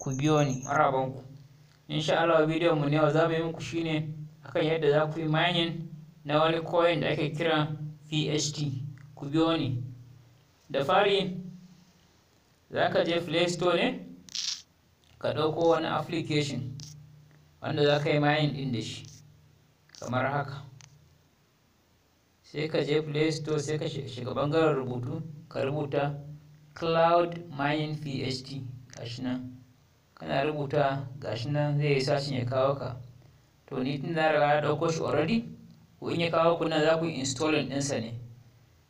ku biyo ni marabanku insha Allah bidiyon mu ne yau za mu yi muku shine akan yadda za ku yi mining na wani coin da ake kira PHT ku biyo ni da fari za ka je Play Store ne ka ɗauko wani application wanda za ka yi mining ɗin da shi kamar haka sai ka je Play Store sai ka shiga bangaren rubutu ka rubuta cloud mining PHT gashi nan kana rubuta gashi nan zai yi sashin ya kawo ka to ni tun na raga na ɗauko shi already ko in ya kawo ku nan za ku installing ɗinsa ne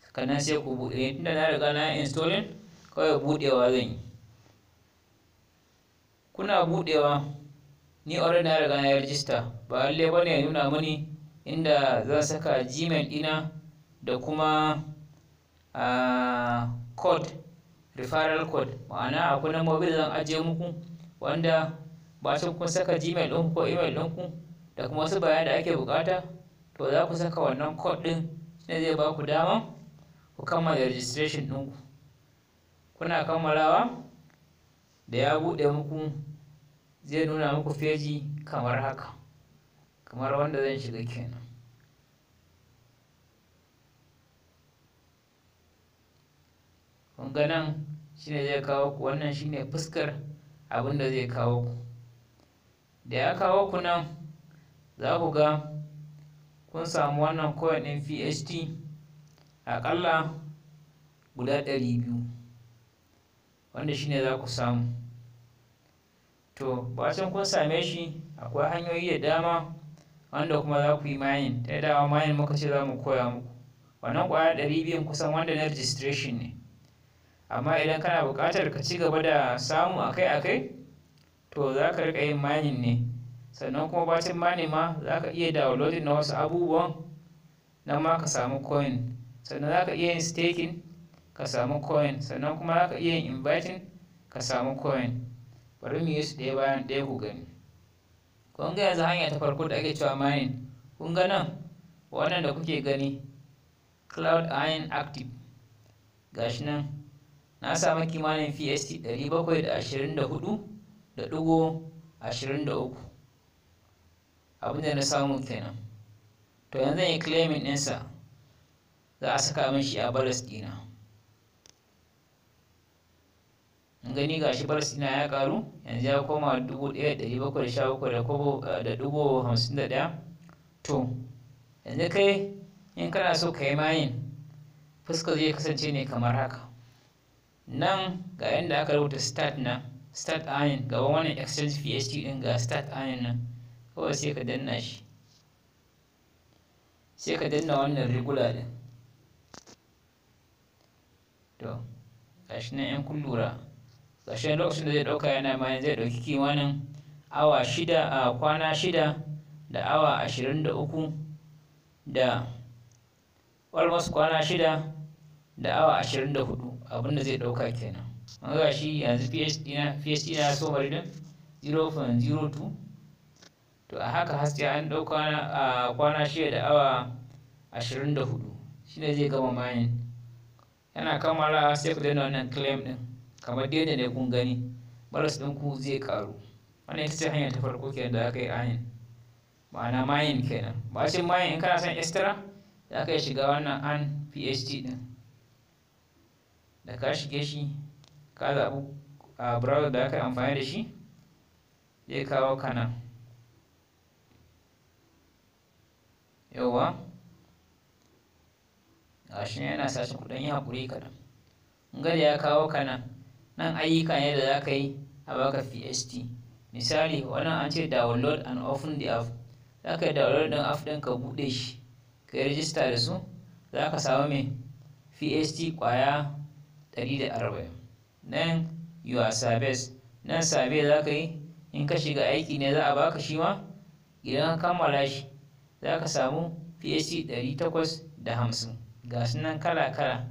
sannan sai ku buɗe tun da na riga na installing kawai buɗewa zan yi kuna buɗewa ni already na riga na register ba lalle ba ne ya nuna mani inda zan saka gmail ɗina da kuma code referral code ma'ana akwai na mobile zan ajiye muku wanda ba bacin kun saka gmail ɗin ko email ku, da kuma wasu bayanai da ake bukata to za ku saka wannan code ɗin shine zai ba ku dama ku kammala registration ku? kuna kammalawa da ya buɗe muku zai nuna muku feji kamar haka kamar wanda zan shiga kenan kun ga nan shine zai kawo ku wannan shine fuskar abin da zai kawo ku da ya kawo ku nan za ku ga kun samu wannan coin ɗin PHT aƙalla guda ɗari biyu wanda shine za ku samu to bacin kun same shi akwai hanyoyi da dama wanda kuma za ku yi mining ta dama mining muka ce za mu koya muku wannan ƙwaya ɗari biyun kusan wanda na registration ne amma idan kana buƙatar ka ci gaba da samu akai-akai to za ka riƙa yin manin ne sannan kuma bacin mani ma za ka iya downloading na wasu abubuwan na ma ka samu coin sannan za ka iya yin staking ka samu coin sannan kuma za ka iya yin inviting ka samu coin bari mu yi su ɗaya bayan ɗaya ku gani kun ga yanzu hanya ta farko da ake cewa mining kun ga nan wannan da kuke gani cloud iron active gashi nan na samu kimanin PST 724.23 abinda na samu kenan to yanzu yi claiming ɗinsa za a saka min shi a balas ɗina gani ga shi balas ɗina ya ƙaru yanzu ya koma 1,717.51 eh, to yanzu kai in kana so ka yi mayin fuskar zai kasance ne kamar haka nan ga yadda aka rubuta start na start iron ga wannan exchange pst din ga start iron nan kawai sai ka danna shi sai ka danna wannan regular din to gashi nan yan kullura gashi lokacin da zai dauka yana ma zai dauki kimanin awa shida a kwana shida da awa ashirin da uku da almost kwana shida da awa ashirin da hudu abin da zai ɗauka kenan an ga shi yanzu phd na phd na so bari don 0.02 to a haka haske an ɗauka a kwana shida da awa 24 shine zai gama mayan yana kammala sai ku daina wannan claim din kamar dai-dai ne kun gani baras din ku zai karu wannan ita ce hanya ta farko kenan da aka yi ayin ma'ana mayin kenan Ba ce mayin in kana son extra za ka shiga wannan an phd din da ka shige shi ka zaɓi a browser da aka yi amfani da shi zai kawo ka nan yauwa ga shi yana sashi kudin yi haƙuri kaɗan gada ya kawo ka nan nan ayyuka ne da za ka yi a baka pst e um misali wannan an ce download and open the app za ka yi download ɗin app ɗin ka buɗe shi ka yi rijista da su za ka samu mai pst ƙwaya 140 nan your service nan sabe za ka yi in ka shiga aiki ne za a baka shi ma idan ka kammala shi za ka samu psc 850 ga su nan kala-kala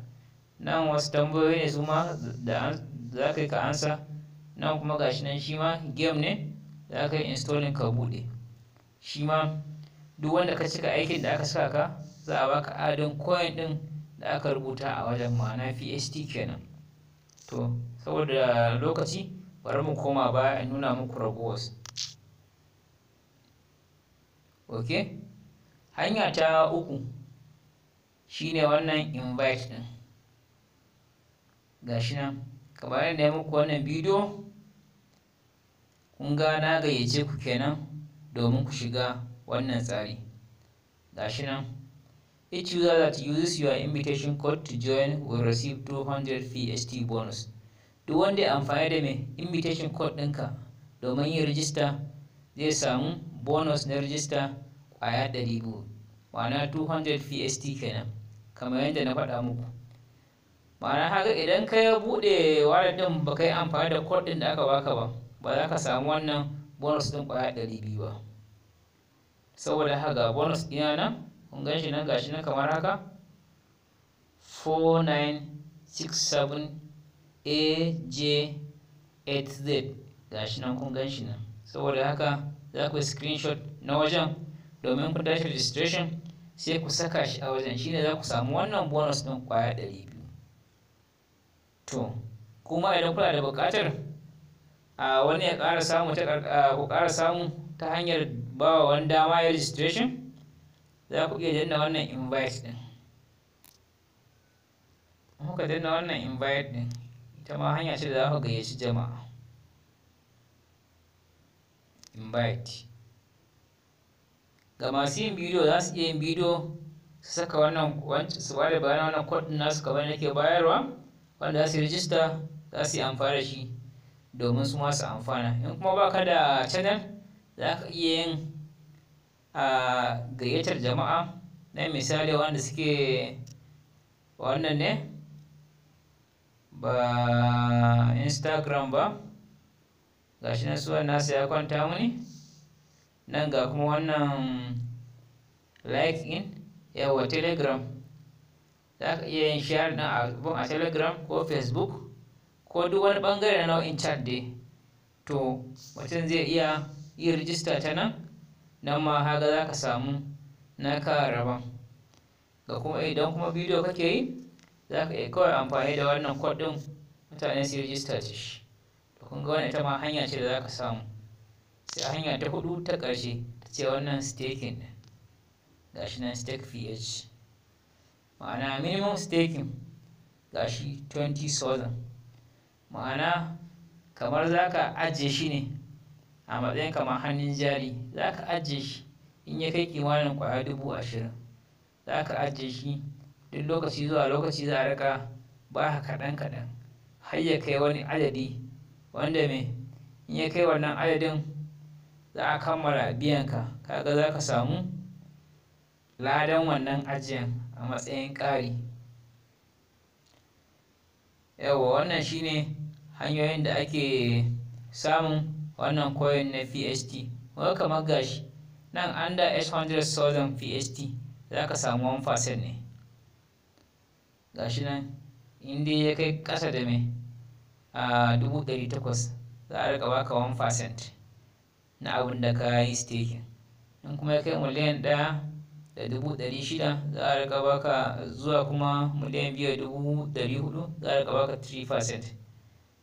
nan wasu tambayoyi ne su ma da za ka yi ka ansa nan kuma ga shi nan shi ma game ne za ka yi installing ka buɗe shi ma duk wanda ka cika aikin da aka saka ka za a baka adin coin ɗin da aka rubuta a wajen ma'ana PhD kenan to saboda lokaci bari mu koma baya in nuna muku ragowar ok hanya ta uku shine wannan invite din shi nan kamar yadda ya muku wannan bidiyo kun ga na gayyace ku kenan domin ku shiga wannan tsari shi nan Each user that uses your invitation code to join will receive 200 VST bonus. Duk wanda ya amfani da mai invitation code ɗinka domin yin rijista zai samu bonus na rijista ƙwaya 200 ma'ana 200 VST kenan kamar yadda na faɗa muku. Ma'ana haka idan ka buɗe wallet ɗin ba ka yi amfani da code ɗin da aka baka ba ba za ka samu wannan bonus ɗin ƙwaya biyu ba. Saboda haka bonus ɗina nan kun gan shi nan gashi nan kamar haka 4967AJ8Z gashi nan kun gan shi nan saboda haka za ku screenshot na wajen domin ku tashi registration sai ku saka shi a wajen shi ne za ku samu wannan bonus ɗin kwaya ɗari biyu to kuma idan kula da buƙatar a wani ya ƙara samu ta ku ƙara samu ta hanyar ba wa wani dama ya registration za ku iya danna wannan invite ɗin muka danna wannan invite ɗin ita ma hanya ce da za ku gayyaci jama'a invite ga masu yin bidiyo za su iya yin bidiyo su saka wannan su ba da bayanan wannan kod nasu kamar yake bayarwa wanda za su yi rijista za su yi amfani da shi domin su masu amfana in kuma baka da channel za ka iya yin a gayyatar jama'a na misali wanda suke wannan ne ba instagram ba shi na suwan nasa ya kwanta muni nan ga kuma wannan like in yawa telegram za ka iya yin share na a telegram ko facebook ko duk wani bangare na nau'in chat dai to mutum zai iya yin rijista ta nan nan ma haga za ka samu na karaban ga kuma idan kuma bidiyo kake yi za ka iya kawai amfani da wannan kod mutane su rijista ce shi da kun ga wannan ita ma hanya ce da za ka samu sai hanya ta hudu ta ƙarshe ta ce wannan staking shi nan stake ph ma'ana minimum staking gashi 20,000 ma'ana kamar za ka ajiye shi ne a matsayin kamar hannun jari za ka ajiye shi in ya kai kimanin kwaya dubu ashirin za ka ajiye shi duk lokaci zuwa lokaci za a rika ba ka kaɗan kaɗan har ya kai wani adadi wanda me in ya kai wannan adadin za a kammala ka kaga za ka samu ladan wannan ajiyan a matsayin ƙari yawa wannan shine hanyoyin da ake samun wannan coin na PHT kuma kamar gashi nan under 800,000 PHT za ka samu 1% ne gashi nan inda ya kai ƙasa da mai a 1,800 za a rika baka 1% na abin da ka yi staking in kuma ya kai miliyan ɗaya da dubu ɗari shida za a rika baka zuwa kuma miliyan biyu da dubu ɗari hudu za a rika baka 3%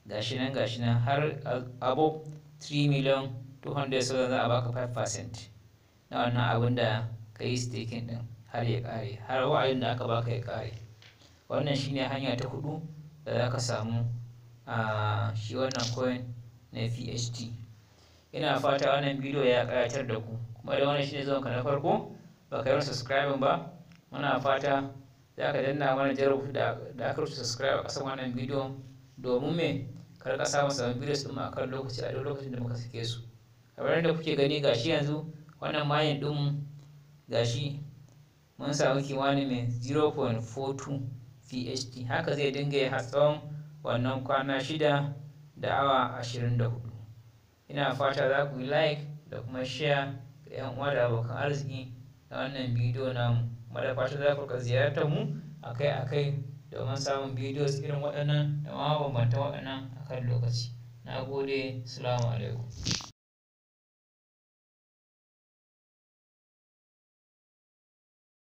gashi nan gashi nan har above 3 million 200,000 za a baka 5% na wannan abin da ka yi staking din har ya kare har wa'ayin da aka baka ya kare wannan shine hanya ta hudu da za ka samu a shi wannan coin na PHT ina fata wannan bidiyo ya karatar da ku kuma da wannan shine zuwan ka na farko ba ka yi subscribing ba muna fata za ka danna mana jarar da aka rubuta subscribe a ƙasan wannan bidiyo domin me kar ka samu samun virus ɗin a kan lokaci a duk lokacin da muka sake su kamar yadda kuke gani gashi yanzu wannan mayin ɗin gashi mun samu kimanin mai 0.42 PHD haka zai dinga yi tsawon wannan kwana shida da awa 24 ina fata za ku yi like da kuma share ga 'yan uwa da abokan arziki na wannan bidiyo namu kuma da fata za ku ka ziyartar mu akai-akai domin samun bidiyos irin waɗannan da mabambantan waɗannan a kan lokaci. Na gode, salamu alaikum.